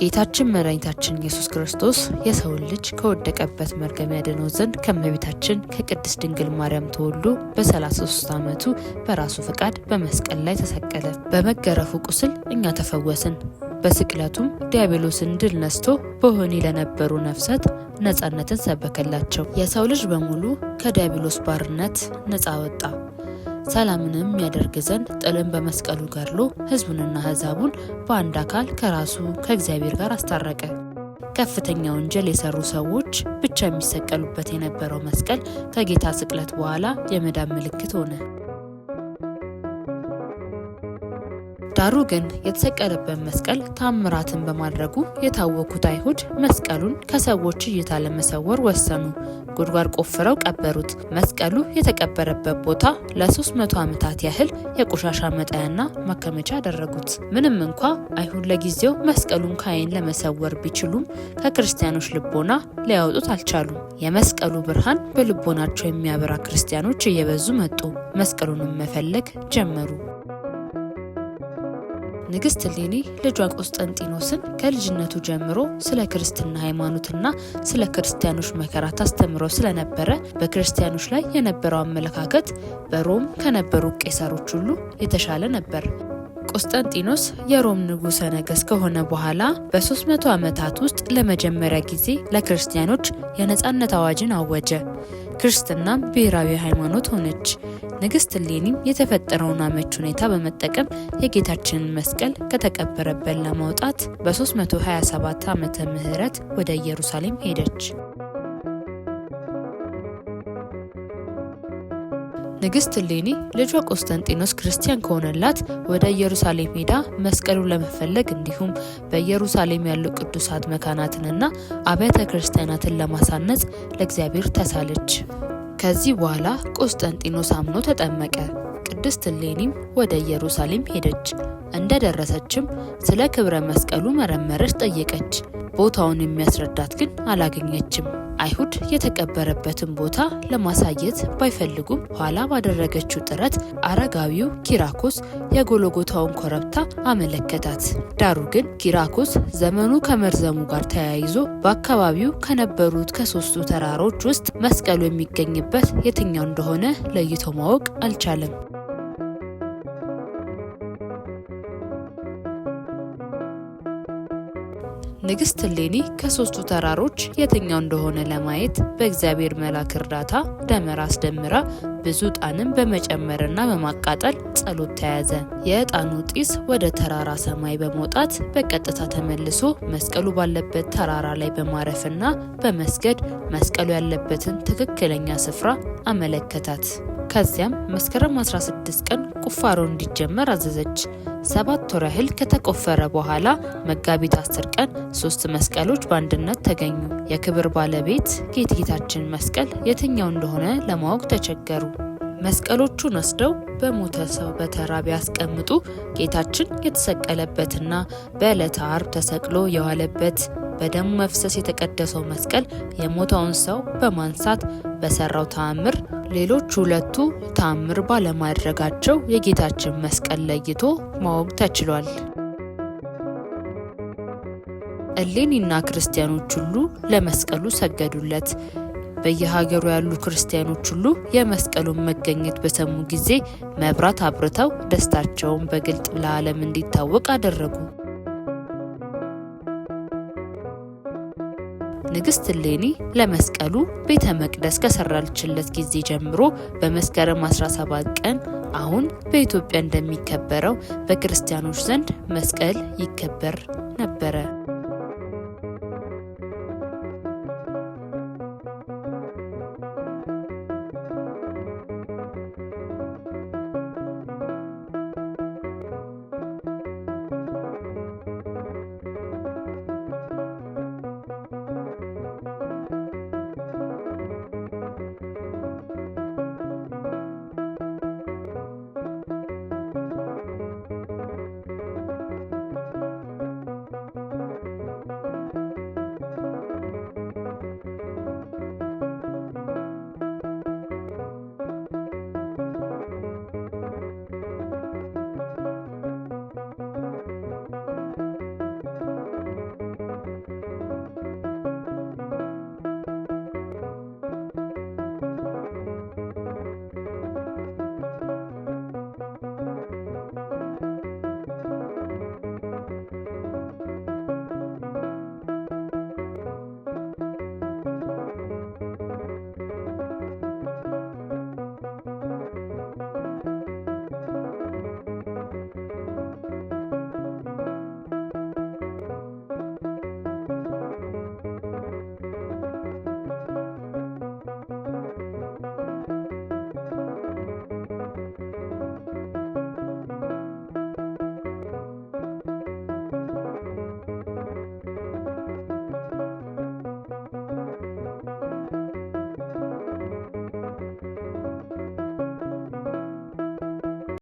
ጌታችን መድኃኒታችን ኢየሱስ ክርስቶስ የሰውን ልጅ ከወደቀበት መርገም ያድነው ዘንድ ከመቤታችን ከቅድስት ድንግል ማርያም ተወልዶ በ33 ዓመቱ በራሱ ፈቃድ በመስቀል ላይ ተሰቀለ። በመገረፉ ቁስል እኛ ተፈወስን። በስቅለቱም ዲያብሎስን ድል ነስቶ በወህኒ ለነበሩ ነፍሳት ነፃነትን ሰበከላቸው። የሰው ልጅ በሙሉ ከዲያብሎስ ባርነት ነፃ ወጣ። ሰላምንም ያደርግ ዘንድ ጥልን በመስቀሉ ገድሎ ህዝቡንና አሕዛቡን በአንድ አካል ከራሱ ከእግዚአብሔር ጋር አስታረቀ። ከፍተኛ ወንጀል የሰሩ ሰዎች ብቻ የሚሰቀሉበት የነበረው መስቀል ከጌታ ስቅለት በኋላ የመዳን ምልክት ሆነ። ዳሩ ግን የተሰቀለበት መስቀል ታምራትን በማድረጉ የታወቁት አይሁድ መስቀሉን ከሰዎች እይታ ለመሰወር ወሰኑ። ጉድጓድ ቆፍረው ቀበሩት። መስቀሉ የተቀበረበት ቦታ ለ300 ዓመታት ያህል የቆሻሻ መጣያና ማከመቻ አደረጉት። ምንም እንኳ አይሁድ ለጊዜው መስቀሉን ከአይን ለመሰወር ቢችሉም ከክርስቲያኖች ልቦና ሊያወጡት አልቻሉም። የመስቀሉ ብርሃን በልቦናቸው የሚያበራ ክርስቲያኖች እየበዙ መጡ። መስቀሉንም መፈለግ ጀመሩ። ንግሥት ሌኒ ልጇ ቆስጠንጢኖስን ከልጅነቱ ጀምሮ ስለ ክርስትና ሃይማኖትና ስለ ክርስቲያኖች መከራ ታስተምሮ ስለነበረ በክርስቲያኖች ላይ የነበረው አመለካከት በሮም ከነበሩ ቄሳሮች ሁሉ የተሻለ ነበር። ቆስጠንጢኖስ የሮም ንጉሠ ነገሥት ከሆነ በኋላ በ300 ዓመታት ውስጥ ለመጀመሪያ ጊዜ ለክርስቲያኖች የነፃነት አዋጅን አወጀ። ክርስትናም ብሔራዊ ሃይማኖት ሆነች። ንግሥት ሌኒም የተፈጠረውን አመች ሁኔታ በመጠቀም የጌታችንን መስቀል ከተቀበረበት ለማውጣት በ327 ዓመተ ምህረት ወደ ኢየሩሳሌም ሄደች። ንግሥት እሌኒ ልጇ ቆስጠንጢኖስ ክርስቲያን ከሆነላት ወደ ኢየሩሳሌም ሄዳ መስቀሉን ለመፈለግ እንዲሁም በኢየሩሳሌም ያሉ ቅዱሳት መካናትንና አብያተ ክርስቲያናትን ለማሳነጽ ለእግዚአብሔር ተሳለች። ከዚህ በኋላ ቆስጠንጢኖስ አምኖ ተጠመቀ። ቅድስት እሌኒም ወደ ኢየሩሳሌም ሄደች። እንደደረሰችም ስለ ክብረ መስቀሉ መረመረች፣ ጠየቀች። ቦታውን የሚያስረዳት ግን አላገኘችም። አይሁድ የተቀበረበትን ቦታ ለማሳየት ባይፈልጉም ኋላ ባደረገችው ጥረት አረጋዊው ኪራኮስ የጎሎጎታውን ኮረብታ አመለከታት። ዳሩ ግን ኪራኮስ ዘመኑ ከመርዘሙ ጋር ተያይዞ በአካባቢው ከነበሩት ከሶስቱ ተራሮች ውስጥ መስቀሉ የሚገኝበት የትኛው እንደሆነ ለይቶ ማወቅ አልቻለም። ንግሥት እሌኒ ከሦስቱ ተራሮች የትኛው እንደሆነ ለማየት በእግዚአብሔር መልአክ እርዳታ ደመራ አስደምራ ብዙ ዕጣንን በመጨመርና በማቃጠል ጸሎት ተያዘ። የዕጣኑ ጢስ ወደ ተራራ ሰማይ በመውጣት በቀጥታ ተመልሶ መስቀሉ ባለበት ተራራ ላይ በማረፍና በመስገድ መስቀሉ ያለበትን ትክክለኛ ስፍራ አመለከታት። ከዚያም መስከረም 16 ቀን ቁፋሮ እንዲጀመር አዘዘች። ሰባት ወር ያህል ከተቆፈረ በኋላ መጋቢት 10 ቀን ሶስት መስቀሎች በአንድነት ተገኙ። የክብር ባለቤት ጌትጌታችን መስቀል የትኛው እንደሆነ ለማወቅ ተቸገሩ። መስቀሎቹን ወስደው በሞተ ሰው በተራ ቢያስቀምጡ ጌታችን የተሰቀለበትና በዕለተ አርብ ተሰቅሎ የዋለበት በደሙ መፍሰስ የተቀደሰው መስቀል የሞተውን ሰው በማንሳት በሰራው ተአምር ሌሎች ሁለቱ ተአምር ባለማድረጋቸው የጌታችን መስቀል ለይቶ ማወቅ ተችሏል። እሌኒና ክርስቲያኖች ሁሉ ለመስቀሉ ሰገዱለት። በየሀገሩ ያሉ ክርስቲያኖች ሁሉ የመስቀሉን መገኘት በሰሙ ጊዜ መብራት አብርተው ደስታቸውን በግልጥ ለዓለም እንዲታወቅ አደረጉ። ንግሥት ሌኒ ለመስቀሉ ቤተ መቅደስ ከሰራችለት ጊዜ ጀምሮ በመስከረም 17 ቀን አሁን በኢትዮጵያ እንደሚከበረው በክርስቲያኖች ዘንድ መስቀል ይከበር ነበረ።